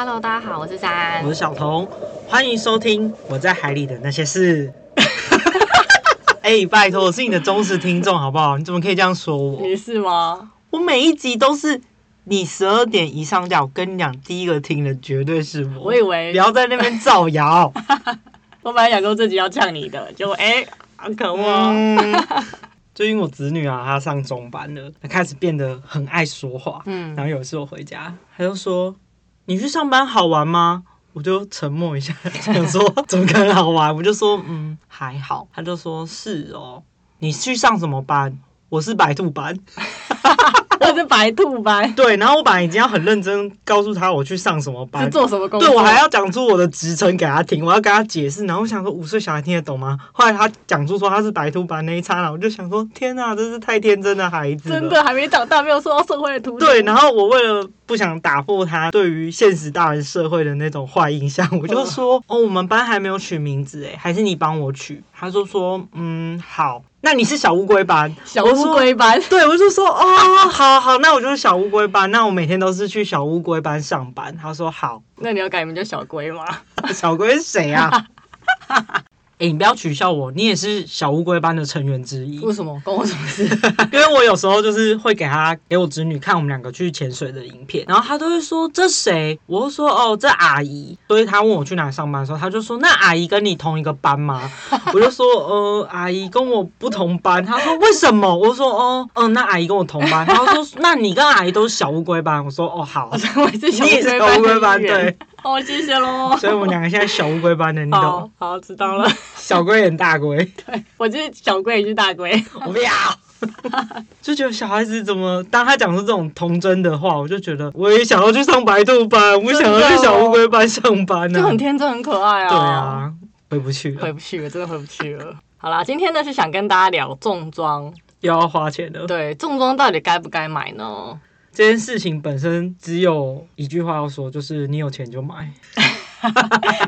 Hello，大家好，我是珊。我是小童，歡迎收聽我在海裡的那些事。哎、 欸，拜託，我是你的忠實聽眾，好不好？你怎麼可以這樣說我？你是嗎？我每一集都是你十二點一上架，我跟你講，第一個聽的絕對是我。我以為你要在那邊造謠。 我本來想說這集要嗆你的，就哎，好可惡。Uncle, 嗯、 最近我姪女啊，她上中班了，他開始變得很愛說話。嗯，然後有一次我回家，他就說。你去上班好玩嗎？我就沉默一下，想說怎麼可能好玩？我就說嗯還好。他就說是哦，你去上什麼班？我是白兔班，我 是白兔班。對，然後我本來已經要很認真告訴他我去上什麼班， 做什麼工作？對我還要講出我的職稱給他聽，我要跟他解釋。然後我想說五歲小孩聽得懂嗎？後來他講出說他是白兔班那一剎那了，然後我就想說天吶、啊、這是太天真的孩子， 真的還沒長大，沒有受到社會的荼毒。對，然後我為了。不想打破他對於現實大人社會的那種壞印象，我就說：“哦，我們班還沒有取名字哎，還是你幫我取。”他就說：“嗯，好，那你是小烏龜班，小烏龜班。”對，我就說：“哦，好好，那我就是小烏龜班，那我每天都是去小烏龜班上班。”他說：“好，那你要改名叫小龜嗎？小龜是誰啊？哈哈哈。 哎、欸，你不要取笑我，你也是小烏龜班的成員之一。為什麼？關我什麼事？ 因為我有時候就是會給他給我侄女看我們兩個去潛水的影片，然後他都會說這誰？我就說哦，這阿姨。所以他問我去哪裡上班的時候，他就說那阿姨跟你同一個班嗎？ 我就說呃，阿姨跟我不同班。他說為什麼？我說哦，嗯、呃，那阿姨跟我同班。他說那你跟阿姨都是小烏龜班。我說哦，好， 你也是小烏龜班，對。哦，謝謝嘍。所以我們兩個現在小烏龜班的，你懂。好，好，知道了。小龜也很大龜，對。我就是小龜，也是大龜。我不要。 就覺得小孩子怎麼，當他講出這種童真的話，我就覺得我也想要去上白兔班，我想要去小烏龜班上班呢、啊。就很天真，很可愛啊。對啊，回不去了，回不去了，真的回不去了。好啦，今天呢是想跟大家聊重裝又要花錢的。對，重裝到底該不該買呢？這件事情本身只有一句話要說，就是你有錢就買 、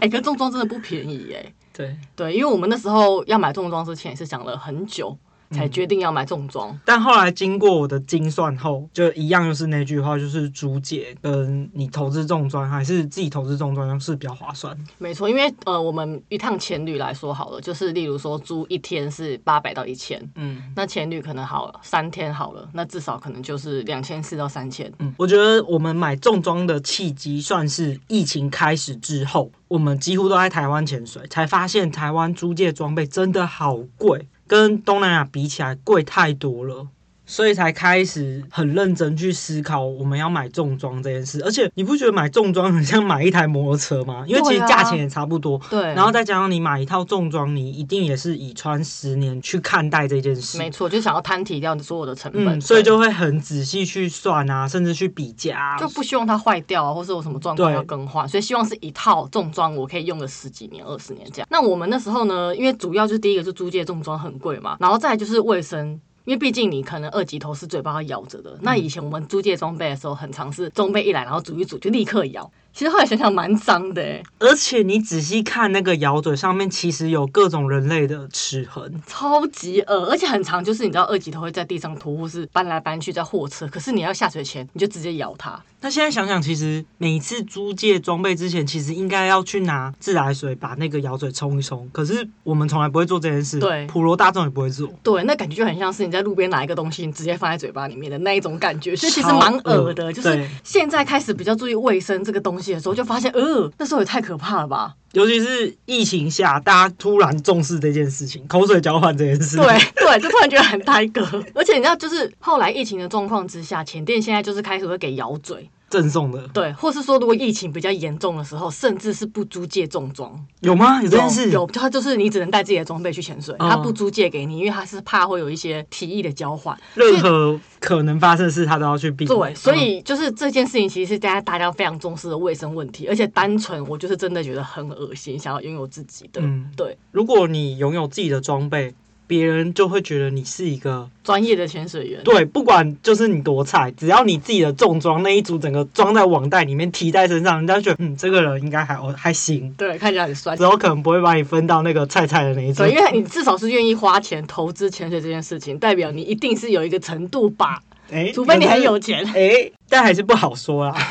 欸，可是重裝真的不便宜耶。對對，因為我們那時候要買重裝之前也是想了很久。才決定要買重裝。嗯，但後來經過我的精算後，就一樣又是那句話，就是租借跟你投資重裝還是自己投資重裝是比較划算。沒錯，因為呃，我們一趟潛旅來說好了，就是例如說租一天是八百到一千，嗯，那潛旅可能好了三天好了，那至少可能就是兩千四到三千，嗯。我覺得我們買重裝的契機算是疫情開始之後，我們幾乎都在台灣潛水，才發現台灣租借裝備真的好貴。跟東南亞比起來，貴太多了。所以才開始很認真去思考我們要買重裝這件事，而且你不覺得買重裝很像買一台摩托車嗎？因為其實價錢也差不多。對、啊。然後再加上你買一套重裝，你一定也是以穿十年去看待這件事。沒錯，就想要攤提掉你所有的成本、嗯，所以就會很仔細去算啊，甚至去比價、啊。就不希望它壞掉啊，或是有什麼狀況要更換，所以希望是一套重裝，我可以用個十幾年、二十年這樣。那我們那時候呢，因為主要就是第一個是租借重裝很貴嘛，然後再來就是衛生。因為畢竟你可能二級頭是嘴巴要咬着的。那以前我們租借裝備的時候，很常是裝備一來，然後組一組就立刻咬。其實後來想想蠻髒的、欸，哎。而且你仔細看那個咬嘴上面，其實有各種人類的齒痕，超級噁，而且很長。就是你知道二級頭會在地上拖，或是搬來搬去在貨車。可是你要下水前，你就直接咬它。那現在想想，其實每一次租借裝備之前，其實應該要去拿自來水把那個咬嘴沖一沖。可是我們從來不會做這件事。對，普羅大眾也不會做。對，那感覺就很像是你在。在路邊拿一個東西，你直接放在嘴巴裡面的那一種感覺，所以其實蠻惡的。就是現在開始比較注意衛生這個東西的時候，就發現，呃，那時候也太可怕了吧！尤其是疫情下，大家突然重視這件事情，口水交換這件事，對對，就突然覺得很呆個。 而且你知道，就是後來疫情的狀況之下，潛店現在就是開始會給咬嘴。贈送的，對，或是說如果疫情比較嚴重的時候，甚至是不租借重裝，有嗎？有這件事？有，他就是你只能帶自己的裝備去潛水，他、嗯、不租借給你，因為他是怕會有一些體液的交換，任何可能發生的事，他都要去避免、嗯。所以，就是這件事情其實是大家大家非常重視的衛生問題，而且單純我就是真的覺得很惡心，想要擁有自己的。嗯、對，如果你擁有自己的裝備。別人就會覺得你是一個專業的潛水員。對，不管就是你多菜，只要你自己的重裝那一組整個裝在網袋裡面提在身上，人家覺得嗯，這個人應該還還行。對，看起來很帥，之後可能不會把你分到那個菜菜的那一組，因為你至少是願意花錢投資潛水這件事情，代表你一定是有一個程度吧。哎、欸，除非你很有錢。哎、欸，但還是不好說啦。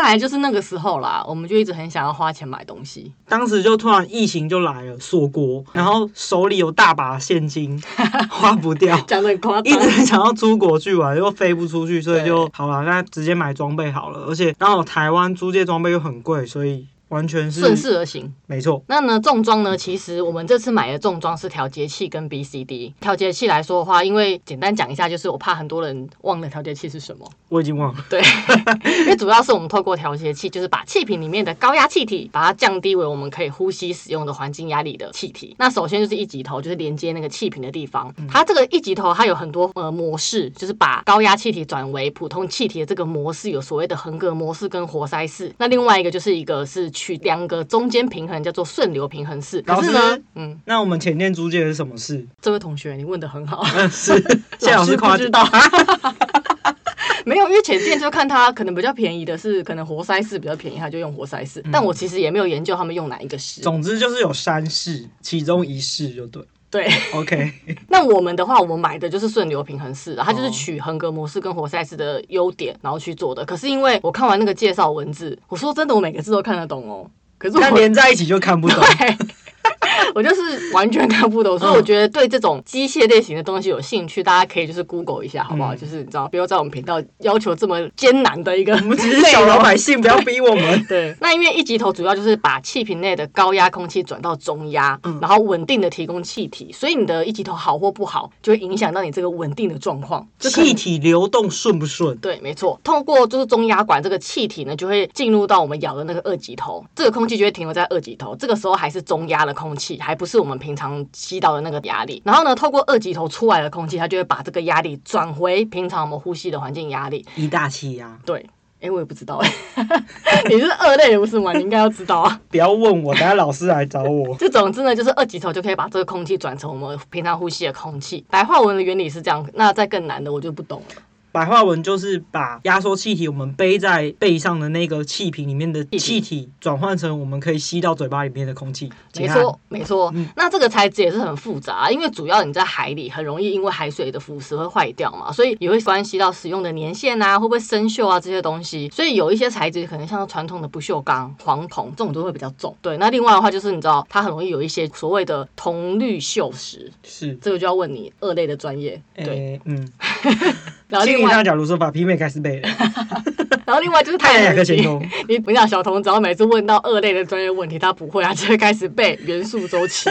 看來就是那個時候啦，我們就一直很想要花錢買東西。當時就突然疫情就來了，鎖國，然後手裡有大把現金，花不掉，講 得很誇張，一直想要出國去玩，又飛不出去，所以就好了，那直接買裝備好了。而且剛好台灣租借裝備又很貴，所以。完全是順勢而行，沒錯。那呢，重裝呢？其實我們這次買的重裝是調節器跟 BCD。調節器來說的話，因為簡單講一下，就是我怕很多人忘了調節器是什麼，我已經忘了。對， 因為主要是我們透過調節器，就是把氣瓶裡面的高壓氣體，把它降低為我們可以呼吸使用的環境壓力的氣體。那首先就是一級頭，就是連接那個氣瓶的地方，嗯。它這個一級頭，它有很多呃模式，就是把高壓氣體轉為普通氣體的這個模式，有所謂的橫格模式跟活塞式。那另外一個就是一個是。取兩個中間平衡叫做順流平衡式，可是呢。老師，嗯，那我們潛店租借的是什麼式？這位同學，你問的很好，嗯、是 老師誇知道。 沒有，因為潛店就看他可能比較便宜的是， 可能活塞式比較便宜，他就用活塞式、嗯。但我其實也沒有研究他們用哪一個式。總之就是有三式，其中一式就對。對，OK。 那我們的話，我們買的就是順流平衡式，它就是取橫膈膜式跟活塞式的優點，然後去做的。可是因為我看完那個介紹文字，我說真的，我每個字都看得懂哦、喔。可是我但連在一起就看不懂 我就是完全看不懂，所以我覺得對這種機械類型的東西有興趣，大家可以就是 Google 一下，好不好、嗯？就是你知道，不要在我們頻道要求這麼艱難的一個，我們只是小老百姓，不要逼我們，對。對。那因為一級頭主要就是把氣瓶內的高壓空氣轉到中壓、嗯，然後穩定的提供氣體，所以你的一級頭好或不好，就會影響到你這個穩定的狀況，氣體流動順不順。對，沒錯。透過就是中壓管這個氣體呢，就會進入到我們咬的那個二級頭，這個空氣就會停留在二級頭，這個時候還是中壓的空氣。還不是我們平常吸到的那個壓力，然後呢，透過二級頭出來的空氣，它就會把這個壓力轉回平常我們呼吸的環境壓力。一大氣壓，啊。對，哎，欸，我也不知道哎， 你是二類的不是嗎？你應該要知道啊。 不要問我，等下老師來找我。這 總之呢，就是二級頭就可以把這個空氣轉成我們平常呼吸的空氣。白話文的原理是這樣，那再更難的我就不懂了。白話文就是把壓縮氣體，我們背在背上的那個氣瓶裡面的氣體，轉換成我們可以吸到嘴巴裡面的空氣。沒錯，沒錯、嗯。那這個材質也是很複雜啊，因為主要你在海裡很容易因為海水的腐蝕會壞掉嘛，所以也會關係到使用的年限啊，會不會生鏽啊這些東西。所以有一些材質可能像傳統的不鏽鋼、黃銅這種都會比較重。對，那另外的話就是你知道它很容易有一些所謂的銅綠鏽蝕。是，這個就要問你二類的專業。對，欸、嗯。 然後另外，假如說把 P 面開始背了， 然後另外就是鈦合金。 你不像小童，只要每次問到二類的專業問題，他不會他、啊、就會開始背元素周期。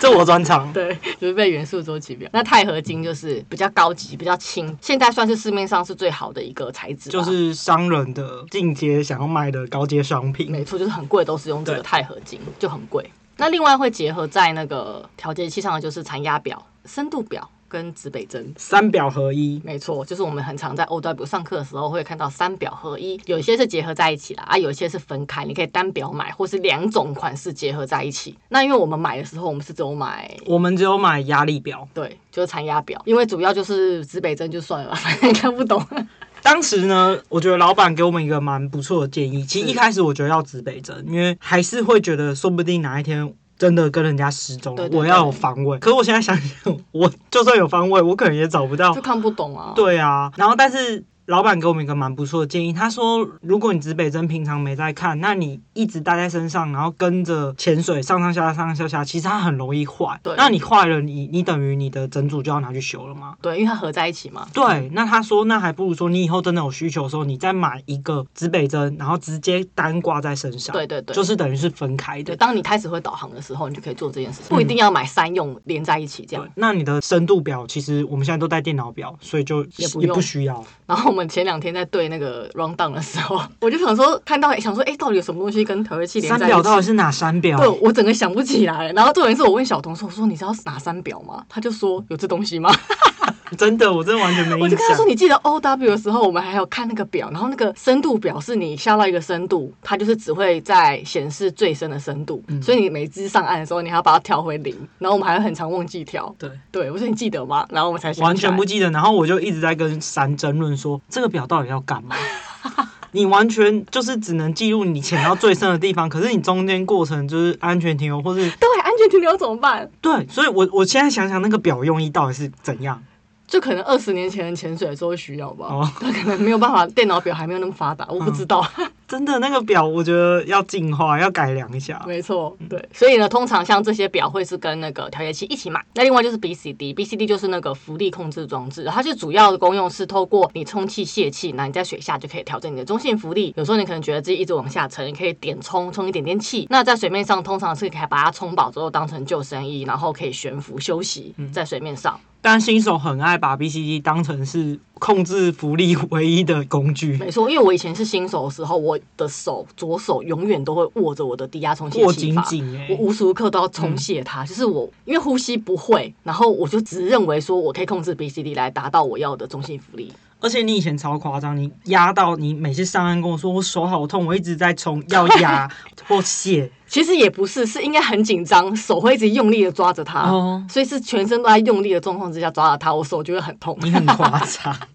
這 我專長，對，就是背元素周期表。那鈦合金就是比較高級、比較輕，現在算是市面上是最好的一個材質，就是商人的進階想要賣的高階商品。沒錯，就是很貴，都是用這個鈦合金，就很貴。那另外會結合在那個調節器上的就是殘壓表、深度表。跟指北針三表合一，沒錯，就是我們很常在 OW 上課的時候會看到三表合一，有一些是結合在一起的啊，有些是分開，你可以單表買，或是兩種款式結合在一起。那因為我們買的時候，我們是只有買，我們只有買壓力表，對，就是殘壓表，因為主要就是指北針就算了， 看不懂。當時呢，我覺得老板給我們一個蠻不錯的建議，其實一開始我覺得要指北針，因為還是會覺得說不定哪一天。真的跟人家失蹤，我要有方位。對對對，可是我現在想想，我就算有方位，我可能也找不到，就看不懂啊。對啊，然後但是。老闆給我們一個蠻不錯的建議，他說：如果你指北針平常沒在看，那你一直戴在身上，然後跟着潛水上上下下，上上下下，其實它很容易壞。對。那你壞了，你你等於你的整組就要拿去修了嘛。對，因為它合在一起嘛。對。那他說，那還不如說你以後真的有需求的時候，你再買一個指北針，然後直接單掛在身上。對對對。就是等於是分開的。對。當你開始會導航的時候，你就可以做這件事情。嗯。不一定要買三用連在一起這樣。對。那你的深度表其實我們現在都帶電腦表，所以就也不，也不需要。然後。我們前兩天在對那個 rundown 的時候，我就想說，看到想說，哎、欸，到底有什麼東西跟調節器連在一起？三表到底是哪三表？對，我整個想不起來了。然後這一次我問小童說：“我說你知道哪三表嗎？”他就說：“有這東西嗎？”真的，我真的完全沒印象、啊。我就跟他說：“你記得 O W 的時候，我們還有看那個表，然後那個深度表是你下到一個深度，它就是只會在顯示最深的深度、嗯。所以你每次上岸的時候，你還要把它調回零。然後我們還很常忘記調。對，對我說你記得嗎？然後我們才完全不記得。然後我就一直在跟珊爭論說，這個表到底要幹嘛？ 你完全就是只能記錄你潛到最深的地方，可是你中間過程就是安全停留，或是對安全停留怎麼辦？對，所以我，我我現在想想那個表用意到底是怎樣？就可能二十年前潛水的時候需要吧，它、哦、可能沒有辦法， 電腦表還沒有那麼發達，嗯、我不知道。 真的，那個表我覺得要進化，要改良一下。沒錯，對。嗯、所以呢，通常像這些表會是跟那個調節器一起買。那另外就是 B C D，B C D 就是那個浮力控制裝置，它就是主要的功用是透過你充氣、洩氣，那你在水下就可以調整你的中性浮力。有時候你可能覺得自己一直往下沉，你可以點充充一點點氣。那在水面上，通常是可以把它充飽之後當成救生衣，然後可以懸浮休息、嗯、在水面上。但新手很愛把 B C D 當成是控制浮力唯一的工具。沒錯，因為我以前是新手的時候，我的手左手永遠都會握着我的低壓充氣閥，握緊緊，我無時無刻都要充泄它、嗯。就是我因為呼吸不會，然後我就只認為說，我可以控制 B C D 來達到我要的中性浮力。而且你以前超誇張，你壓到你每次上岸跟我說我手好痛，我一直在衝要壓或卸， oh, 其實也不是，是應該很緊張，手會一直用力的抓着它，oh. 所以是全身都在用力的狀況之下抓着它，我手就會很痛。你很誇張。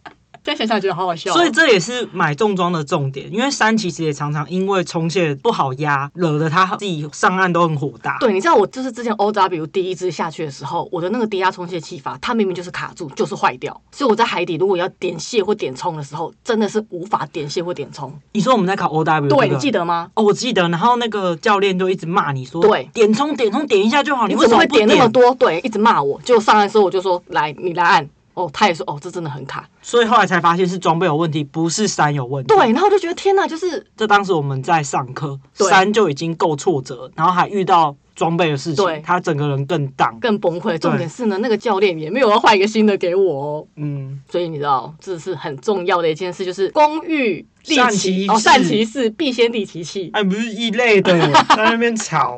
在想想覺得好好笑，啊，所以這也是買重裝的重點，因為山其實也常常因為充氣不好壓，惹得他自己上岸都很火大。對，你知道我就是之前 O W 第一支下去的時候，我的那個低壓充氣器閥，它明明就是卡住，就是壞掉，所以我在海底如果要點洩或點充的時候，真的是無法點洩或點充。你說我們在考 O W，這個，對，你記得嗎？哦，我記得，然後那個教練就一直罵你說，對，點充點充點一下就好，你為什麼會點那麼多？對，一直罵我，就上岸的時候我就說，來，你來按。哦，他也說哦，這真的很卡，所以後來才發現是裝備有問題，不是珊有問題。對，然後我就覺得天哪，就是這當時我們在上課，珊就已經夠挫折，然後還遇到裝備的事情，對他整個人更 down 更崩潰。重點是呢，那個教練也沒有要換一個新的給我。哦。嗯，所以你知道這是很重要的一件事，就是工欲利其善其事、哦、善其事，必先利其器。哎，不是一類的，哦， 在那邊吵。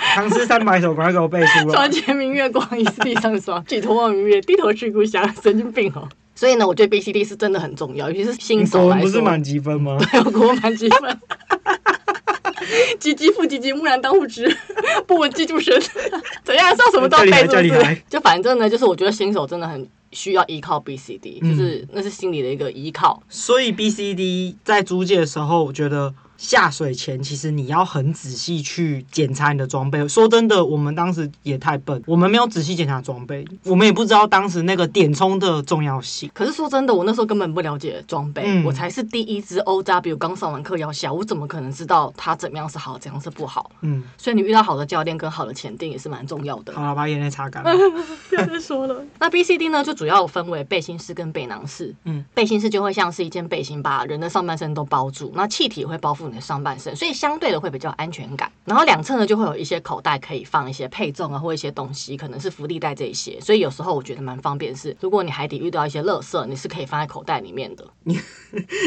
唐詩三百首，把它給我背熟了。床前明月光，疑是地上霜。舉 頭望明月，低頭去故鄉。神經病哦、喔！所以呢，我覺得 B C D 是真的很重要，尤其是新手來說。不是滿級分嗎？還有國文滿級分。哈哈哈！哈 哈！哈哈！唧唧復唧唧，木蘭當戶織，不聞機杼聲，怎樣？算什麼都背住？就反正呢，就是我覺得新手真的很需要依靠 B C D，就是、嗯、那是心理的一個依靠。所以 B C D 在租借的時候，我覺得。下水前，其實你要很仔細去檢查你的裝備。說真的，我們當時也太笨，我們沒有仔細檢查裝備，我們也不知道當時那個點充的重要性。可是說真的，我那時候根本不了解裝備。嗯，我才是第一支 O W 剛上完課要下，我怎麼可能知道它怎麼樣是好，怎樣是不好？嗯。所以你遇到好的教練跟好的前定也是蠻重要的。好了，把眼淚擦乾，不 要再說了。 那 B C D 呢？就主要分為背心式跟背囊式。嗯。背心式就會像是一件背心，把人的上半身都包住，那氣體會包覆。你的上半身，所以相對的會比較安全感。然後兩側呢，就會有一些口袋可以放一些配重啊，或一些東西，可能是浮力袋這一些。所以有時候我覺得蠻方便是，如果你海底遇到一些垃圾，你是可以放在口袋裡面的。你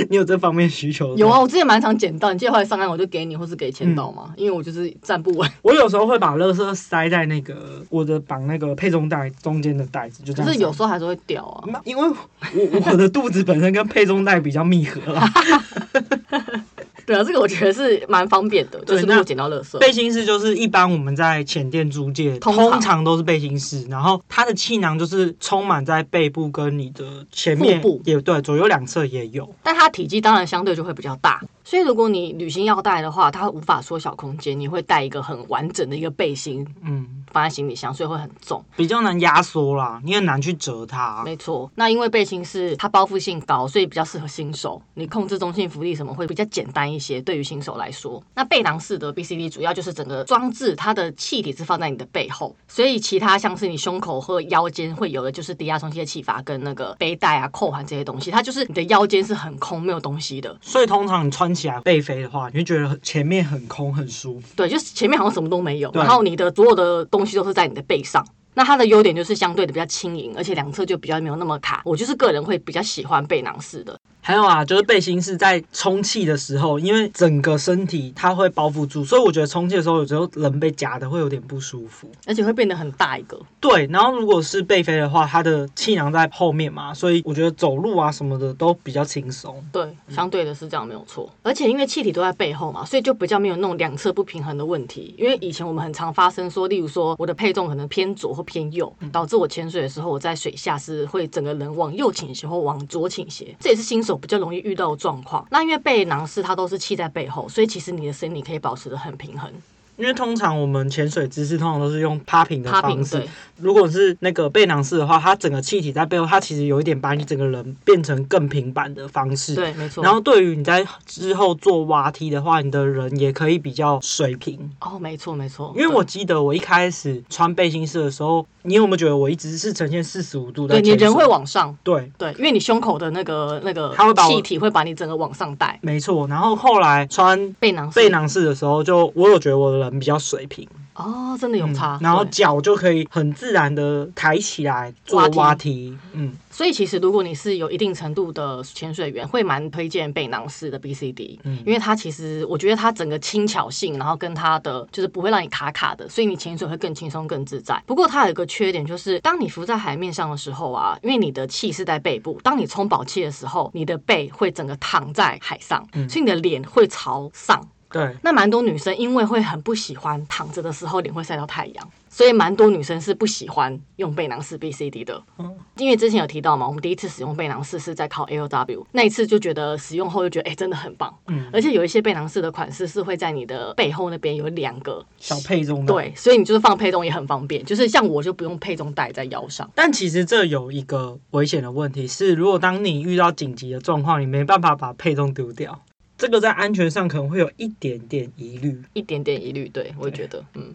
你有這方面需求是不是？有啊，我之前蠻常撿到。你接回來上岸，我就給你，或是給潛導嘛、嗯，因為我就是站不穩。我有時候會把垃圾塞在那個我的綁那個配重帶中間的袋子就這樣，就是有時候還是會掉啊。因為我我,我的肚子本身跟配重帶比較密合、啊 對啊，這個我覺得是蠻方便的，就是如果撿到垃圾。背心式就是一般我們在潛店租借，通常都是背心式，然後它的氣囊就是充滿在背部跟你的前面也，腹部，也對，左右兩側也有，但它體積當然相對就會比較大。所以如果你旅行要帶的話，它無法縮小空間，你會帶一個很完整的一個背心，嗯，放在行李箱，所以會很重，比較難壓縮啦，你很難去折它。沒錯，那因為背心是它包覆性高，所以比較適合新手，你控制中性浮力什麼會比較簡單一些，對於新手來說。那背囊式的 BCD 主要就是整個裝置它的氣體是放在你的背後，所以其他像是你胸口或腰間會有的就是低壓充氣的氣閥跟那個背帶啊扣環這些東西，它就是你的腰間是很空沒有東西的。所以通常你穿起來背飛的話，你會覺得前面很空很舒服，對，就是前面好像什麼都沒有，然後你的所有的東西都是在你的背上。那它的優點就是相對的比較輕盈，而且兩側就比較沒有那麼卡。我就是個人會比較喜歡背囊式的。還有啊，就是背心是在充氣的時候，因為整個身體它會包覆住，所以我覺得充氣的時候有時候人被夾的會有點不舒服，而且會變得很大一個。對，然後如果是背飛的話，它的氣囊在後面嘛，所以我覺得走路啊什麼的都比較輕鬆。對，相對的是這樣沒有錯。嗯，而且因為氣體都在背後嘛，所以就比較沒有那種兩側不平衡的問題。因為以前我們很常發生說，例如說我的配重可能偏左或偏右，嗯，導致我潛水的時候，我在水下是會整個人往右傾斜或往左傾斜，這也是新手，比較容易遇到狀況，那因為背囊式它都是氣在背後，所以其實你的身體可以保持得很平衡。因為通常我們潛水姿勢通常都是用趴平的方式。趴平。如果是那個背囊式的話，它整個氣體在背後，它其實有一點把你整個人變成更平板的方式。對，沒錯。然後對於你在之後做蛙踢的話，你的人也可以比較水平。哦，沒錯，沒錯。因為我記得我一開始穿背心式的時候，你有沒有覺得我一直是呈現四十五度？對，你人會往上。對對，因為你胸口的那個那個，它會氣體會把你整個往上帶。沒錯。然後後來穿背囊背囊式的時候，就我有覺得我的人。比較水平哦，真的有差，嗯。然後腳就可以很自然的抬起來做蛙踢，嗯。所以其實如果你是有一定程度的潛水員，會蠻推薦背囊式的 BCD，嗯，因為它其實我覺得它整個輕巧性，然後跟它的就是不會讓你卡卡的，所以你潛水會更輕鬆更自在。不過它有一個缺點，就是當你浮在海面上的時候啊，因為你的氣是在背部，當你充飽氣的時候，你的背會整個躺在海上，嗯，所以你的臉會朝上。對，那蠻多女生因為會很不喜歡躺着的時候臉會曬到太陽，所以蠻多女生是不喜歡用背囊式 B C D 的。嗯，因為之前有提到嘛，我們第一次使用背囊式是在考 A O W 那一次，就覺得使用後就覺得哎、欸、真的很棒。嗯，而且有一些背囊式的款式是會在你的背後那邊有兩個小配重的，對，所以你就是放配重也很方便。就是像我就不用配重帶在腰上，但其實這有一個危險的問題是，如果當你遇到緊急的狀況，你沒辦法把配重丟掉。這個在安全上可能會有一點點疑慮，一點點疑慮，對我也覺得，嗯。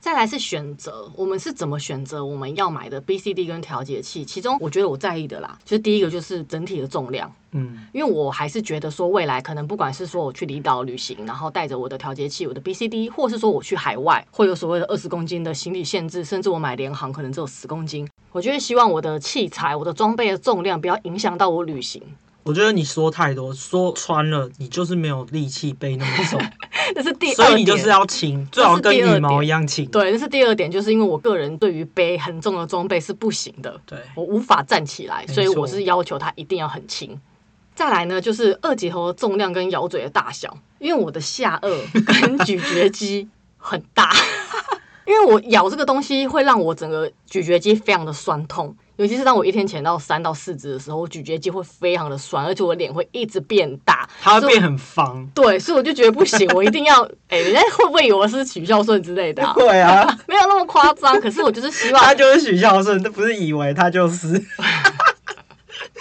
再來是選擇，我們是怎麼選擇我們要買的 BCD 跟調節器？其中我覺得我在意的啦，就是第一個就是整體的重量，嗯，因為我還是覺得說未來可能不管是說我去離島旅行，然後帶着我的調節器、我的 BCD，或是說我去海外會有所謂的二十公斤的行李限制，甚至我買聯航可能只有十公斤，我就是希望我的器材、我的裝備的重量不要影響到我旅行。我覺得你說太多，說穿了你就是沒有力氣背那麼重。 這是第二點，所以你就是要輕，最好跟羽毛一樣輕。對，這是第二點，就是因為我個人對於背很重的裝備是不行的，對，我無法站起來，所以我是要求它一定要很輕。再來呢，就是二級頭的重量跟咬嘴的大小，因為我的下顎跟咀嚼肌很大， 因為我咬這個東西會讓我整個咀嚼肌非常的酸痛。尤其是當我一天潛到三到四支的時候，我咀嚼肌會非常的酸，而且我臉會一直變大，它會變很方。對，所以我就覺得不行， 我一定要哎、欸，人家會不會以為我是許孝順之類的？對啊， 沒有那麼誇張， 可是我就是希望他就是許孝順，這不是以為他就是，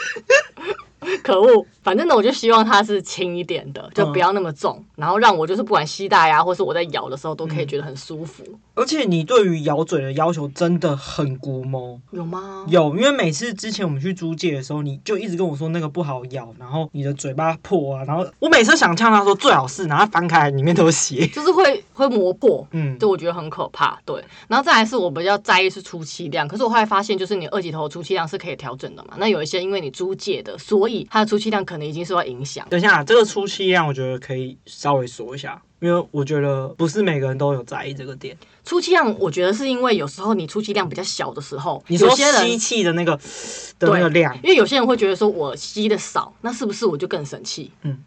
可惡。反正呢，我就希望它是輕一點的，就不要那麼重，嗯、然後讓我就是不管吸帶呀或是我在咬的時候都可以覺得很舒服。嗯、而且你對於咬嘴的要求真的很龜毛。有嗎？有，因為每次之前我們去租借的時候，你就一直跟我說那個不好咬，然後你的嘴巴破啊，然後我每次想嗆他說最好是，然後翻開裡面都是血，就是會會磨破，嗯，就我覺得很可怕。對，然後再來是我比較在意是出氣量，可是我後來發現就是你二級頭的出氣量是可以調整的嘛，那有一些因為你租借的，所以它的出氣量可。可能已經受到影響。等一下，這個出氣量我覺得可以稍微說一下，因為我覺得不是每個人都有在意這個點。出氣量，我覺得是因為有時候你出氣量比較小的時候，你說吸氣的那個對，那個量，因為有些人會覺得說我吸的少，那是不是我就更省氣？嗯。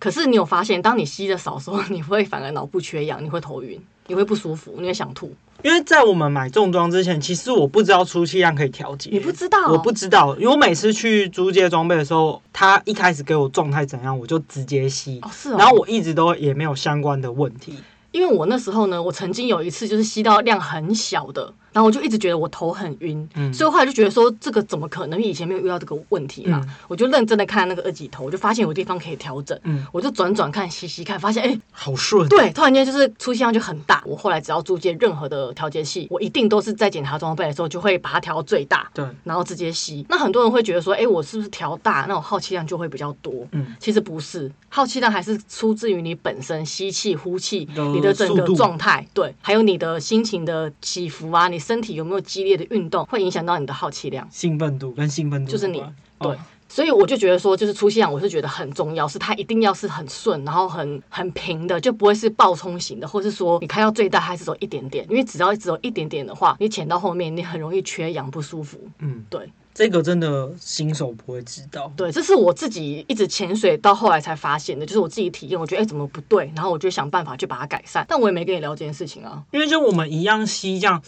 可是你有發現，當你吸的少的時候，你會反而腦部缺氧，你會頭暈，你會不舒服，你會想吐。因為在我們買重裝之前，其實我不知道出氣量可以調節。你不知道哦？我不知道，因為我每次去租借裝備的時候，他一開始給我狀態怎樣，我就直接吸。哦，是哦。然後我一直都也沒有相關的問題。因為我那時候呢，我曾經有一次就是吸到量很小的。然後我就一直覺得我頭很暈、嗯，所以後來就覺得說這個怎麼可能？以前沒有遇到這個問題啦、嗯。我就認真的看那個二級頭，我就發現有地方可以調整、嗯。我就轉轉看，吸吸看，發現哎、欸，好順。對，突然間就是出氣量就很大。我後來只要租借任何的調節器，我一定都是在檢查裝備的時候就會把它調最大。對，然後直接吸。那很多人會覺得說，哎、欸，我是不是調大，那我耗氣量就會比較多？嗯、其實不是，耗氣量還是出自於你本身吸氣、呼氣、呃，你的整個狀態，對，還有你的心情的起伏啊，你。身體有沒有激烈的運動會影響到你的耗氣量、興奮度跟興奮度，就是你、哦、對，所以我就覺得說，就是出氣量，我是覺得很重要，是它一定要是很順，然後很很平的，就不會是暴衝型的，或是說你開到最大它還是走一點點，因為只要只有一點點的話，你潛到後面你很容易缺氧不舒服。嗯，對。這個真的新手不會知道，對，這是我自己一直潛水到後來才發現的，就是我自己體驗，我覺得哎、欸、怎麼不對，然後我就想辦法去把它改善，但我也沒跟你聊這件事情啊，因為就我們一樣吸這樣，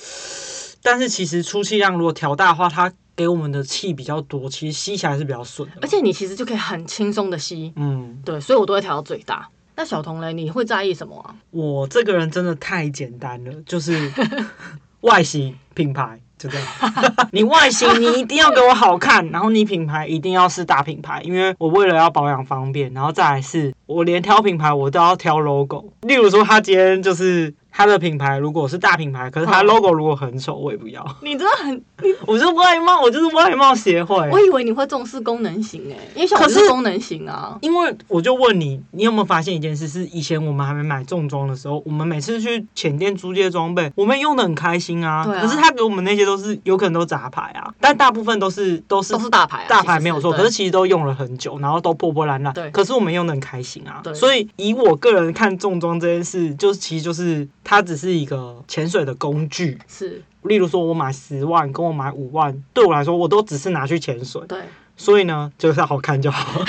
但是其實出氣量如果調大的話，它給我們的氣比較多，其實吸起來是比較順，而且你其實就可以很輕鬆的吸，嗯，對，所以我都會調到最大。那小童嘞？你會在意什麼啊？我這個人真的太簡單了，就是 外形、品牌。就這樣， 你外型，你一定要給我好看，然後你品牌一定要是大品牌，因為我為了要保養方便，然後再來是我連挑品牌我都要挑 logo，例如說他今天就是。它的品牌如果是大品牌，可是它 logo 如果很醜，我也不要。你真的很你 我就是外貌，我就是外貌協會。我以為你會重視功能型誒、欸，因為可是功能型啊。因為我就問你，你有沒有發現一件事？是以前我們還沒買重裝的時候，我們每次去潛店租借裝備，我們用得很開心啊。對啊。可是他給我們那些都是有可能都雜牌啊，但大部分都是都是都是大牌，啊，大牌沒有錯。可是其實都用了很久，然後都破破爛爛。對。可是我們用得很開心啊。對。所以以我個人看重裝這件事，就是其實就是。它只是一個潛水的工具，是。例如說，我買十萬跟我買五萬，對我來說，我都只是拿去潛水。對。所以呢，就是要好看就好。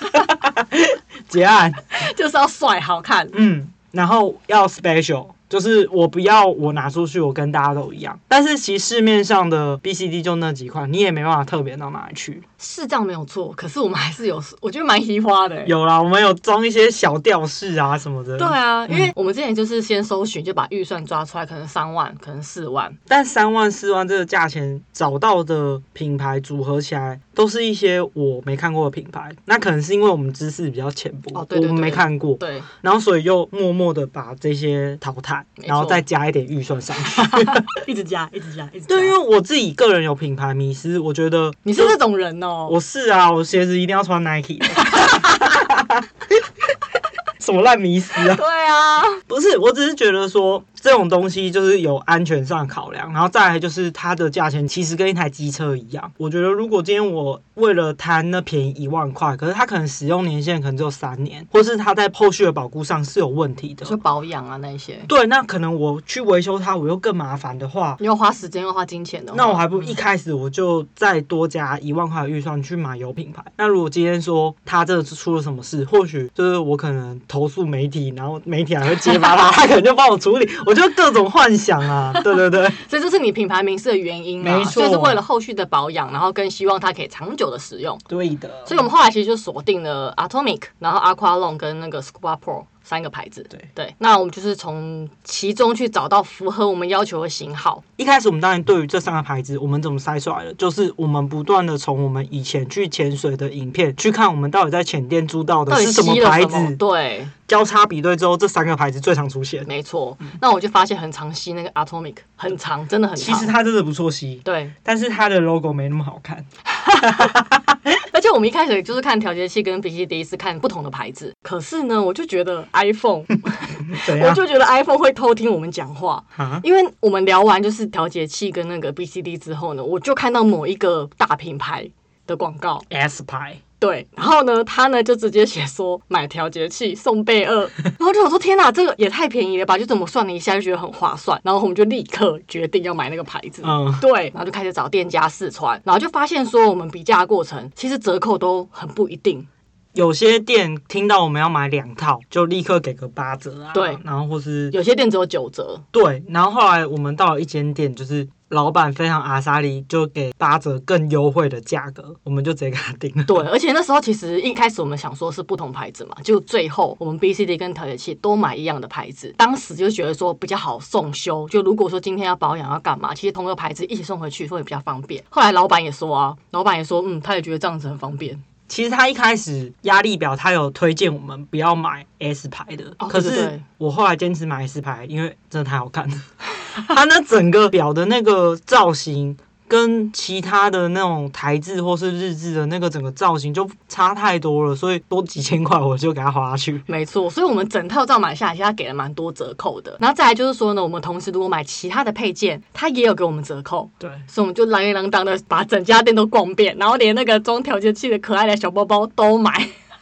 結案。就是要帥，好看。嗯。然後要 special。就是我不要我拿出去，我跟大家都一樣。但是其實市面上的 B C D 就那幾款，你也沒辦法特別到哪裡去。是這樣沒有錯，可是我們還是有，我覺得蠻喜歡的、欸。有啦，我們有裝一些小吊飾啊什麼的。對啊，因為、嗯、我們之前就是先搜尋，就把預算抓出來，可能三萬，可能四萬。但三萬四萬這個價錢找到的品牌組合起來，都是一些我沒看過的品牌。那可能是因為我們知識比較淺薄、哦對對對對，我們沒看過。對，然後所以又默默的把這些淘汰。然後再加一點預算上去， 一直加，一直加，一直加，對，因為我自己個人有品牌迷思，我覺得你是那種人哦、喔，我是啊，我鞋子一定要穿 Nike， 什麼爛迷思啊？對啊，不是，我只是覺得說。這種東西就是有安全上的考量，然後再來就是它的價錢其實跟一台機車一樣。我覺得如果今天我為了貪那便宜一萬塊，可是它可能使用年限可能只有三年，或是它在後續的保固上是有問題的，就保養啊那些。對，那可能我去維修它，我又更麻煩的話，你要花時間，要花金錢的話。那我還不如一開始我就再多加一萬塊的預算去買有品牌。 那如果今天說它這出了什麼事，或許就是我可能投訴媒體，然後媒體還會揭發他， 他可能就幫我處理。 我就各種幻想啊，對對對 所以這是你品牌名士的原因嘛？沒錯，就是為了後續的保養，然後更希望它可以長久的使用。對的，所以我們後來其實就鎖定了 Atomic，然後 Aqualung 跟那個 Scubapro 三個牌子，對對，那我們就是從其中去找到符合我們要求的型號。一開始我們當然對於這三個牌子，我們怎麼篩出來的？就是我們不斷的從我們以前去潛水的影片去看，我們到底在潛店租到的是什麼牌子麼。對，交叉比對之後，這三個牌子最常出現。沒錯、嗯，那我就發現很常吸那個 Atomic，很常，真的很常。其實它真的不錯吸，對，但是它的 logo 沒那麼好看。 我們一開始就是看調節器跟 B C D 是看不同的牌子，可是呢，我就覺得 iPhone， 怎樣 我就覺得 iPhone 會偷聽我們講話。啊，因為我們聊完就是調節器跟那個 B C D 之後呢，我就看到某一個大品牌的廣告，S 牌，對，然後呢，他呢就直接寫說買調節器送備二，然後就想說天哪，這個也太便宜了吧！就怎麼算了一下，就覺得很划算，然後我們就立刻決定要買那個牌子。嗯，對，然後就開始找店家試穿，然後就發現說我們比價過程其實折扣都很不一定，有些店聽到我們要買兩套，就立刻給個八折啊。對，然後或是有些店只有九折。對，然後後來我們到了一間店，就是。老闆非常阿薩莉，就給八折更優惠的價格，我們就直接給他定了。對，而且那時候其實一開始我們想說是不同牌子嘛，就最後我們 B C D 跟調節器都買一樣的牌子。當時就覺得說比較好送修，就如果說今天要保養要幹嘛，其實同一個牌子一起送回去會比較方便。後來老闆也說啊，老闆也說，嗯，他也覺得這樣子很方便。其實他一開始壓力表他有推薦我們不要買 S 牌的，哦，對對對。可是我後來堅持買 S 牌，因為真的太好看了。它 那整個表的那個造型，跟其他的那種台制或是日制的那個整個造型就差太多了，所以多幾千塊我就給他花下去。沒錯，所以我們整套照買下來，其實他給了蠻多折扣的。然後再來就是說呢，我們同時如果買其他的配件，它也有給我們折扣。對，所以我們就啷啷噹噹的把整家店都逛遍，然後連那個裝調節器的可愛的小包包都買。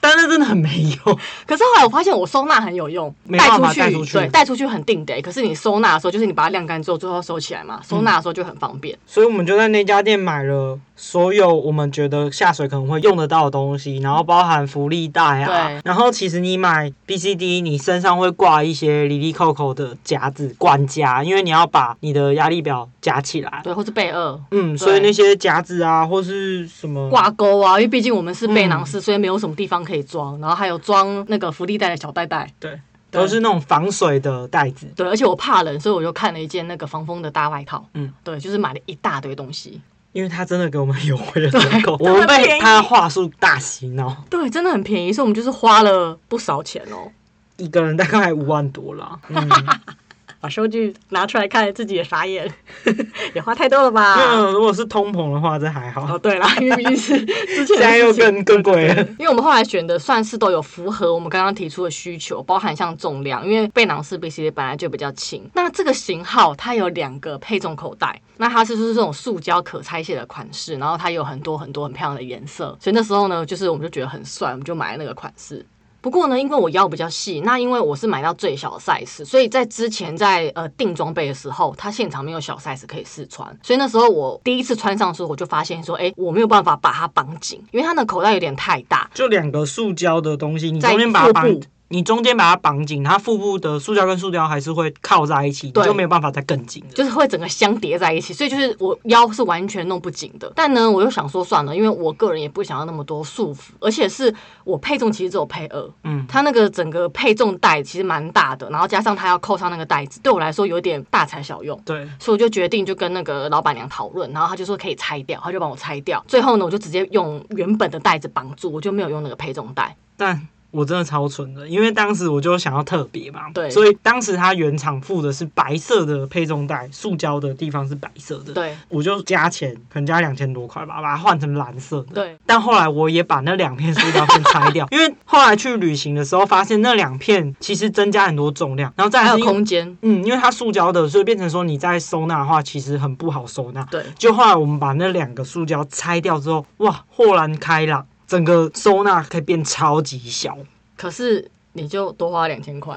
但是真的很沒用，可是後來我發現我收納很有用，帶出去，對，帶出去很定的，欸。可是你收納的時候，就是你把它晾乾之後，最後收起來嘛，嗯，收納的時候就很方便。所以我們就在那家店買了。所有我們覺得下水可能會用得到的東西，然後包含浮力袋啊。對。然後其實你買 B C D，你身上會掛一些裡裡扣扣的夾子、管夾，因為你要把你的壓力表夾起來。對，或是備二。嗯。所以那些夾子啊，或是什麼掛鈎啊，因為畢竟我們是背囊式、嗯，所以沒有什麼地方可以裝。然後還有裝那個浮力袋的小袋袋，對對。對。都是那種防水的袋子。對，而且我怕冷，所以我就看了一件那個防風的大外套。嗯。對，就是買了一大堆東西。因為他真的給我們優惠了折扣，我們被他話術大洗腦。對，真的很便宜，所以我們就是花了不少錢哦。一個人大概五萬多了。嗯 把收據拿出來看，自己也傻眼， 也花太多了吧？嗯，如果是通膨的話，這還好。哦，對了，因為畢竟是之前又更更貴， 因為我們後來選的算是都有符合我們剛剛提出的需求，包含像重量，因為背囊式 BCD 本來就比較輕。那這個型號它有兩個配重口袋，那它是是這種塑膠可拆卸的款式，然後它也有很多很多很漂亮的顏色，所以那時候呢，就是我們就覺得很帥，我們就買了那個款式。不過呢，因為我腰比較細，那因為我是買到最小 size，所以在之前在呃訂裝備的時候，它現場沒有小 size 可以試穿，所以那時候我第一次穿上的時候，我就發現說，哎，我沒有辦法把它綁緊，因為它的口袋有點太大，就兩個塑膠的東西，你後面把它綁。你中間把它綁緊，它腹部的塑膠跟塑膠還是會靠在一起，你就沒有辦法再更緊，就是會整個相疊在一起。所以就是我腰是完全弄不緊的。但呢，我又想說算了，因為我個人也不想要那麼多束縛，而且是我配重其實只有配二，嗯，它那個整個配重袋其實蠻大的，然後加上它要扣上那個袋子，對我來說有點大材小用，對，所以我就決定就跟那個老闆娘討論，然後他就說可以拆掉，她就幫我拆掉。最後呢，我就直接用原本的袋子綁住，我就沒有用那個配重袋，但。我真的超蠢的，因為當時我就想要特別嘛，對，所以當時它原廠附的是白色的配重袋，塑膠的地方是白色的，對，我就加錢，可能加兩千多塊吧，把它換成藍色的，對。但後來我也把那兩片塑膠先拆掉， 因為後來去旅行的時候發現那兩片其實增加很多重量，然後再還有空間，嗯，因為它塑膠的，所以變成說你在收納的話其實很不好收納，對。就後來我們把那兩個塑膠拆掉之後，哇，豁然開朗。整個收納可以變超級小，可是你就多花兩千塊。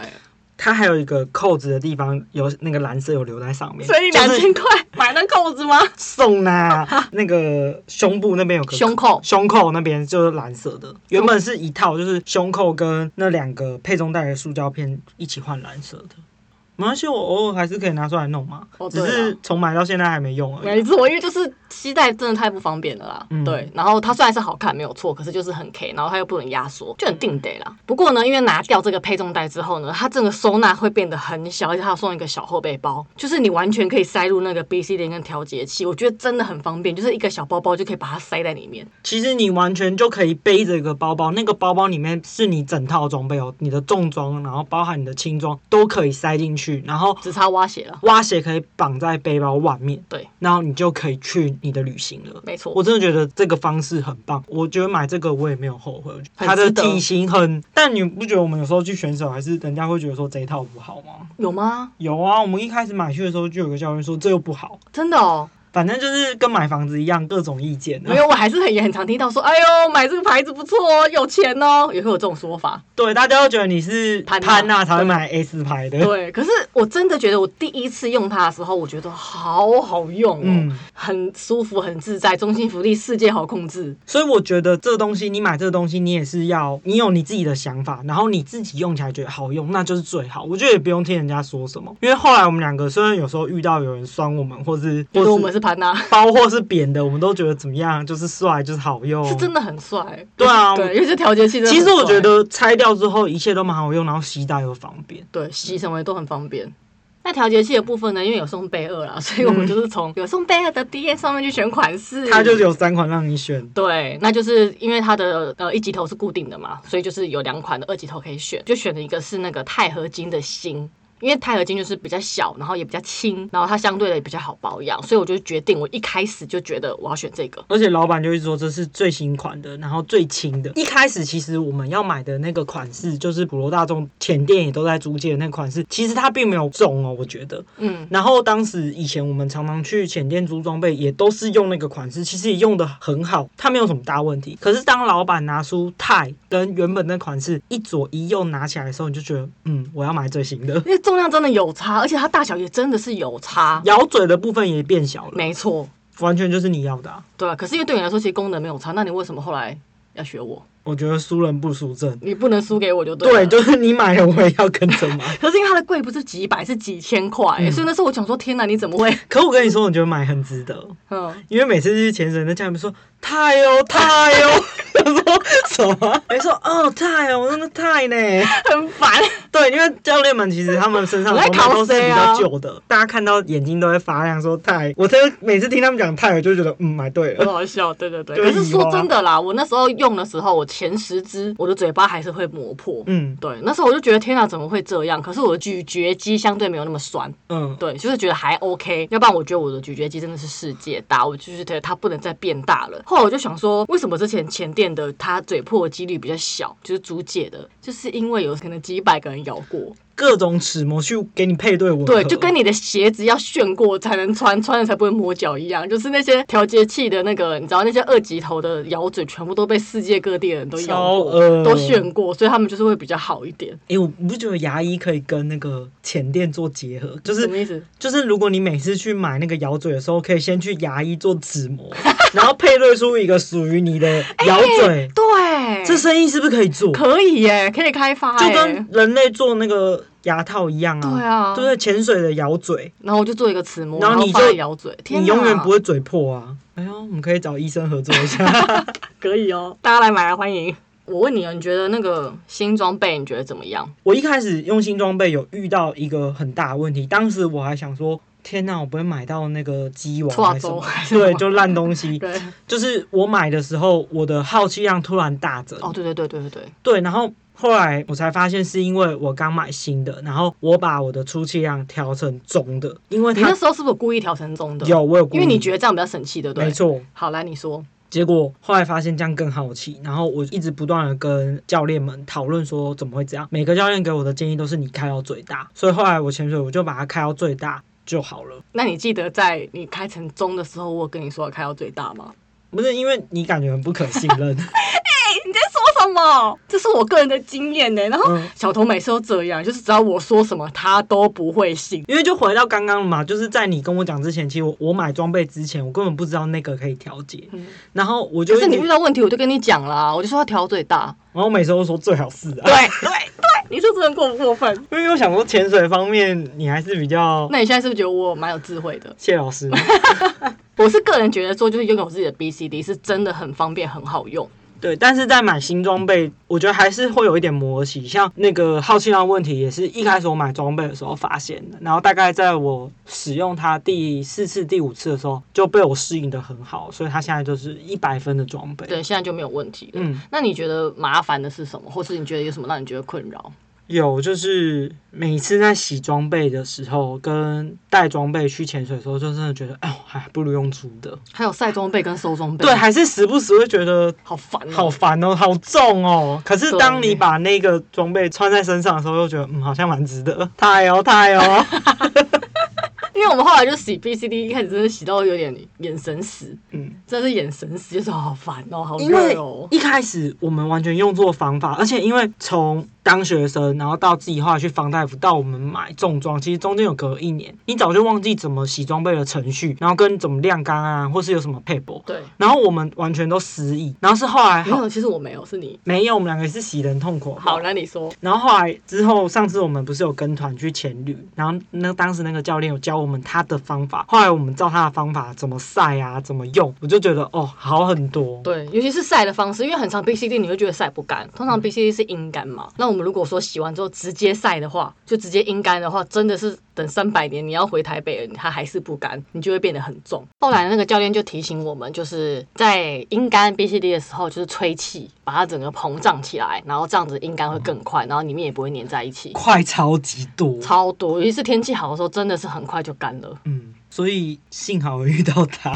它還有一個扣子的地方有那個藍色有留在上面，所以你兩千塊買那扣子嗎？送啊，那個胸部那邊有個胸扣，胸扣那邊就是藍色的。原本是一套，就是胸扣跟那兩個配重帶的塑膠片一起換藍色的。沒關係，我偶爾還是可以拿出來弄嘛。哦、只是從買到現在還沒用。沒錯，因為就是攜帶真的太不方便了啦、嗯。對，然後它雖然是好看沒有錯，可是就是很 k，然後它又不能壓縮，就很定得啦、嗯。不過呢，因為拿掉這個配重袋之後呢，它整個收納會變得很小，而且它有送一個小後背包，就是你完全可以塞入那個 BCD 跟調節器。我覺得真的很方便，就是一個小包包就可以把它塞在裡面。其實你完全就可以背着一個包包，那個包包裡面是你整套裝備哦、喔，你的重裝，然後包含你的輕裝都可以塞進去。去，然後只差蛙鞋了。蛙鞋可以綁在背包外面，對，然後你就可以去你的旅行了。沒錯，我真的覺得這個方式很棒。我覺得買這個我也沒有後悔，得它的體型很……但你不覺得我們有時候去選手還是人家會覺得說這一套不好嗎？有嗎？有啊，我們一開始買去的時候就有個教練說這又不好，真的哦。反正就是跟買房子一樣，各種意見、啊。沒、哎、有，我還是很也很常聽到說，哎呦，買這個牌子不錯哦，有錢哦，也會有這種說法。對，大家都覺得你是潘娜才會買 S 牌的對。對，可是我真的覺得，我第一次用它的時候，我覺得好好用哦、嗯，很舒服，很自在，中心福利世界好控制。所以我覺得這東西，你買這個東西，你也是要你有你自己的想法，然後你自己用起來覺得好用，那就是最好。我覺得也不用聽人家說什麼，因為後來我們兩個雖然有時候遇到有人酸我們，或是或是我們是。盤吶，包貨是扁的，我們都覺得怎麼樣？就是帥，就是好用， 是真的很帥。對啊， 對，因為這調節器真的。其實我覺得拆掉之後，一切都蠻好用，然後攜帶又方便。對，攜帶什麼的都很方便。嗯、那調節器的部分呢？因為有送備二啦，所以我們就是從有送備二的 D N 上面去選款式。它、嗯、就是有三款讓你選。對，那就是因為它的呃一級頭是固定的嘛，所以就是有兩款的二級頭可以選，就選了一個是那個鈦合金的芯。因為鈦合金就是比較小，然後也比較輕，然後它相對的也比較好保養，所以我就決定我一開始就覺得我要選這個。而且老闆就是說這是最新款的，然後最輕的。一開始其實我們要買的那個款式就是普羅大眾潛店也都在租借的那個款式，其實它並沒有重哦，我覺得。嗯。然後當時以前我們常常去潛店租裝備也都是用那個款式，其實也用的很好，它沒有什麼大問題。可是當老闆拿出鈦跟原本那款式一左一右拿起來的時候，你就覺得嗯，我要買最新的。因為。重量真的有差，而且它大小也真的是有差，咬嘴的部分也變小了。沒錯，完全就是你要的、啊。對吧，可是因為對你來說，其實功能沒有差，那你為什麼後來要學我？我覺得輸人不輸陣，你不能輸給我就對。對，就是你買了，我也要跟着買。 可是因為它的貴，不是幾百，是幾千塊、欸嗯，所以那時候我講說：天哪、啊，你怎麼會？可我跟你說，我覺得買很值得。 嗯，因為每次去潛水，那教練說太哦太哦，他說。 沒說哦太，哦，我真的太呢，很煩。對，因為教練們其實他們身上的，我來考誰啊？比較舊的，大家看到眼睛都會發亮，說太。我真的每次聽他們講太，我就覺得嗯，買對了、哦，好笑。對對對、啊。可是說真的啦，我那時候用的時候，我前十支我的嘴巴還是會磨破。嗯，對。那時候我就覺得天哪、啊，怎麼會這樣？可是我的咀嚼肌相對沒有那麼酸。嗯，對，就是覺得還 OK。要不然我覺得我的咀嚼肌真的是世界大，我就是覺得它不能再變大了。後來我就想說，為什麼之前前店的他嘴。破的幾率比較小，就是租借的，就是因為有可能幾百個人咬過，各種齒模去給你配對，我對，就跟你的鞋子要選過才能穿，穿了才不會磨腳一樣，就是那些調節器的那個，你知道那些二級頭的咬嘴，全部都被世界各地的人都咬過，呃、都選過，所以他們就是會比較好一點。哎、欸，我不覺得牙醫可以跟那個潛店做結合。就是什麼意思？就是如果你每次去買那個咬嘴的時候，可以先去牙醫做齒模， 然後配對出一個屬於你的咬嘴。欸對，這生意是不是可以做？可以耶，可以開發，就跟人類做那個牙套一樣啊。對啊，就是潛水的咬嘴，然後我就做一個齒模，然後你就咬嘴、啊，你永遠不會嘴破啊。哎呦，我們可以找醫生合作一下， 可以哦。大家來買來、啊、歡迎。我問你哦，你覺得那個新裝備你覺得怎麼樣？我一開始用新裝備有遇到一個很大的問題，當時我還想說。天哪、啊！我不會買到那個雞王。還是什麼？對，就爛東西。 就是我買的時候，我的耗氣量突然大增。哦，對對對對對對。對，然後後來我才發現，是因為我剛買新的，然後我把我的出氣量調成中的，因為你那時候是不是故意調成中的？有，我有故意。因為你覺得這樣比較省氣的，對？沒錯。好，來你說。結果後來發現這樣更耗氣，然後我一直不斷的跟教練們討論說怎麼會這樣。每個教練給我的建議都是你開到最大，所以後來我潛水我就把它開到最大。就好了。那你記得在你開成中的時候，我跟你說要開到最大嗎？不是，因為你感覺很不可信任。哎 欸，你在說什麼？這是我個人的經驗呢、欸。然後小童每次都這樣，就是只要我說什麼，他都不會信。因為就回到剛剛嘛，就是在你跟我講之前，其實我，我買裝備之前，我根本不知道那個可以調節、嗯。然後我就，就是你遇到問題，我就跟你講啦，我就說要調到最大。然後我每次都說最好是、啊。對 對。你說這人過不過分？因為我想說，潛水方面你還是比較……那你現在是不是覺得我蠻有智慧的？謝老師， 我是個人覺得，說就是擁有自己的 B C D 是真的很方便、很好用。對，但是在買新裝備，我覺得還是會有一點磨合期。像那個耗氣量問題，也是一開始我買裝備的時候發現的。然後大概在我使用它第四次、第五次的時候，就被我適應得很好，所以它現在就是一百分的裝備。對，現在就沒有問題了。嗯，那你覺得麻煩的是什麼？或是你覺得有什麼讓你覺得困擾？有，就是每次在洗裝備的時候，跟帶裝備去潛水的時候，就真的覺得，哎，還不如用租的。還有曬裝備跟收裝備。對，還是時不時會覺得好煩，好煩哦，好重哦、喔。可是當你把那個裝備穿在身上的時候，又覺得，嗯，好像蠻值得。太哦太哦， 因為我們後來就洗 BCD，一開始真的洗到有點眼神死，嗯，真的是眼神死，就是好煩哦、喔，好累哦、喔。一開始我們完全用錯方法，而且因為從。當學生，然後到自己後來去方大夫，到我們買重裝，其實中間有隔一年，你早就忘記怎麼洗裝備的程序，然後跟怎麼晾乾啊，或是有什麼配波。對。然後我們完全都失憶。然後是後來好沒有，其實我沒有，是你沒有，我們兩個也是洗的很痛苦。好，那你說。然後後來之後，上次我們不是有跟團去潛旅，然後那當時那個教練有教我們他的方法，後來我們照他的方法怎麼曬啊，怎麼用，我就覺得哦，好很多。對，尤其是曬的方式，因為很常 BCD 你會覺得曬不乾，通常 BCD 是陰乾嘛、嗯，那我。我們如果說洗完之後直接曬的話，就直接陰乾的話，真的是等三百年，你要回台北，它還是不乾，你就會變得很重。後來那個教練就提醒我們，就是在陰乾 BCD 的時候，就是吹氣，把它整個膨脹起來，然後這樣子陰乾會更快，嗯，然後裡面也不會粘在一起，快超級多，超多。尤其是天氣好的時候，真的是很快就乾了。嗯，所以幸好我遇到他。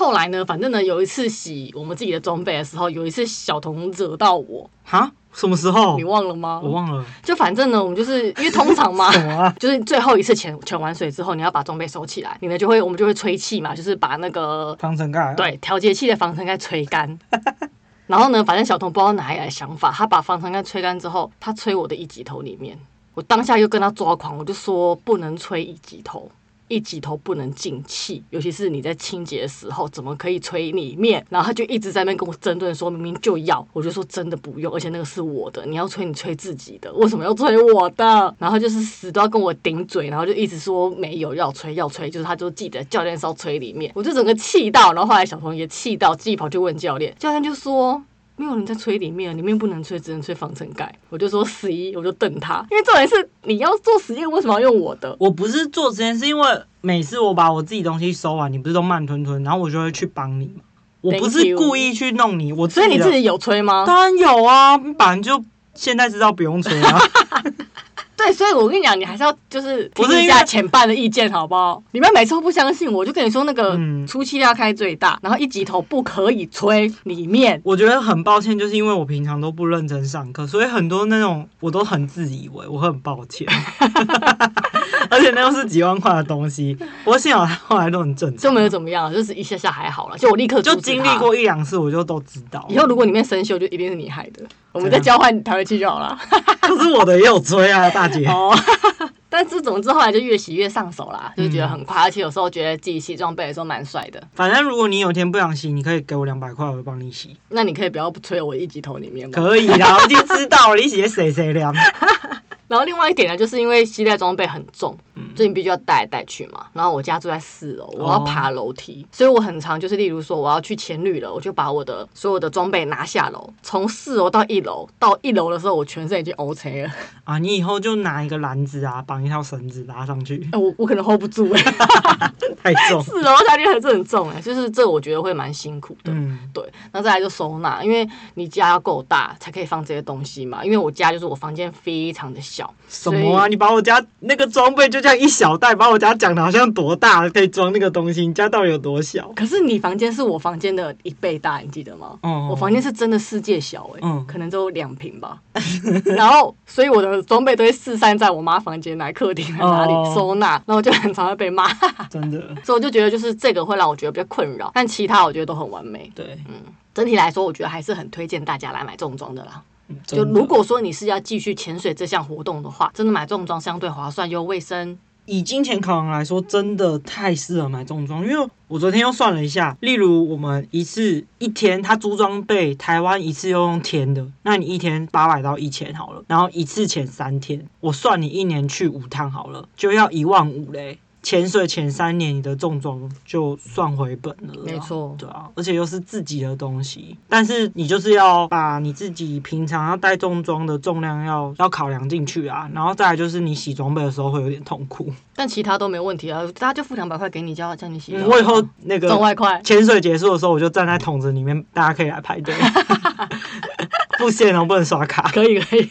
後來呢？反正呢，有一次洗我們自己的裝備的時候，有一次小童惹到我哈，什麼時候、嗯？你忘了嗎？我忘了。就反正呢，我們就是因為通常嘛、 啊，就是最後一次潛潛完水之後，你要把裝備收起來，你呢就會我們就會吹氣嘛，就是把那個防塵蓋對，調節器的防塵蓋吹乾。 然後呢，反正小童不知道哪來的想法，他把防塵蓋吹乾之後，他吹我的一級頭裡面，我當下又跟他抓狂，我就說不能吹一級頭。一級頭不能進氣，尤其是你在清潔的時候，怎麼可以吹裡面？然後他就一直在那邊跟我爭論，說明明就要，我就說真的不用，而且那個是我的，你要吹你吹自己的，為什麼要吹我的？然後就是死都要跟我頂嘴，然後就一直說沒有要吹要吹，就是他就記得教練是要吹裡面，我就整個氣到，然後後來小童也氣到，自己跑去問教練，教練就說。沒有人在吹裡面，裡面不能吹，只能吹防塵蓋。我就說十一，我就瞪他，因為重點是你要做實驗，為什麼要用我的？我不是做實驗，是因為每次我把我自己東西收完，你不是都慢吞吞，然後我就會去幫你嘛。我不是故意去弄你，我吹。所以你自己有吹嗎？當然有啊，反正就現在知道不用吹了。 對，所以我跟你講，你還是要就是聽一下前半的意見，好不好？你們每次都不相信我，我就跟你說那個出氣要開最大，嗯、然後一級頭不可以吹裡面。我覺得很抱歉，就是因為我平常都不認真上課，所以很多那種我都很自以為，我很抱歉。 而且那又是幾萬塊的東西，不過幸好他後來都很正常。就沒有怎麼樣，就是一下下還好了，就我立刻就經歷過一兩次，我就都知道。以後如果裡面生鏽，就一定是你害的，我們再交換台式器就好了。可是我的也有吹啊。 大姐哦，oh, 但是總之後來就越洗越上手啦，嗯、就覺得很快，而且有時候覺得自己洗裝備的時候蠻帥的。反正如果你有天不想洗，你可以給我兩百塊，我就幫你洗。那你可以不要吹我一級頭裡面嗎？可以啦，我已經知道了 你洗的誰誰涼。 然後另外一點呢，就是因為攜帶裝備很重。最近必須要帶帶去嘛，然後我家住在四樓，我要爬樓梯，oh. 所以我很常就是，例如說我要去潛旅了，我就把我的所有的裝備拿下樓，從四樓到一樓，到一樓的時候，我全身已經 OK 了。啊，你以後就拿一個籃子啊，綁一條繩子拉上去。哎、欸，我我可能 hold 不住、欸， 太重。四樓梯還是很重哎、欸，就是這我覺得會蠻辛苦的、嗯。對。那再來就收納，因為你家要夠大才可以放這些東西嘛。因為我家就是我房間非常的小，什麼啊？你把我家那個裝備就這樣。一小袋，把我家講的好像多大可以裝那個東西，你家到底有多小？可是你房間是我房間的一倍大，你記得嗎？Oh. 我房間是真的世界小哎、欸，嗯、oh.，可能就兩坪吧。 然後，所以我的裝備都會四散在我媽房間、來客廳、來、oh. 哪裡收納，然後就很常會被罵。 真的。所以我就覺得，就是這個會讓我覺得比較困擾，但其他我覺得都很完美。對，嗯，整體來說，我覺得還是很推薦大家來買重裝的啦。嗯、就如果說你是要繼續潛水這項活動的話，真的買重裝相對划算又衛生。以金錢考量來說，真的太適合買重裝。因為我昨天又算了一下，例如我們一次一天，他租裝備，台灣一次要用天的，那你一天八百到一千好了，然後一次潛三天，我算你一年去五趟好了，就要一萬五嘞。潛水前三年，你的重裝就算回本了，沒錯，對啊，而且又是自己的東西，但是你就是要把你自己平常要帶重裝的重量要要考量進去啊，然後再來就是你洗裝備的時候會有點痛苦，但其他都沒問題啊，大家就付兩百塊給你叫，叫叫你洗。我、嗯、以後，賺外快，那個潛水結束的時候，我就站在桶子裡面，大家可以來排隊。 不限，然不能刷卡， 可以可以，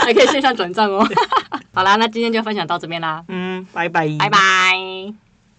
還可以線上轉賬哦。 對笑好啦，那今天就分享到這邊啦。嗯，拜拜，拜拜。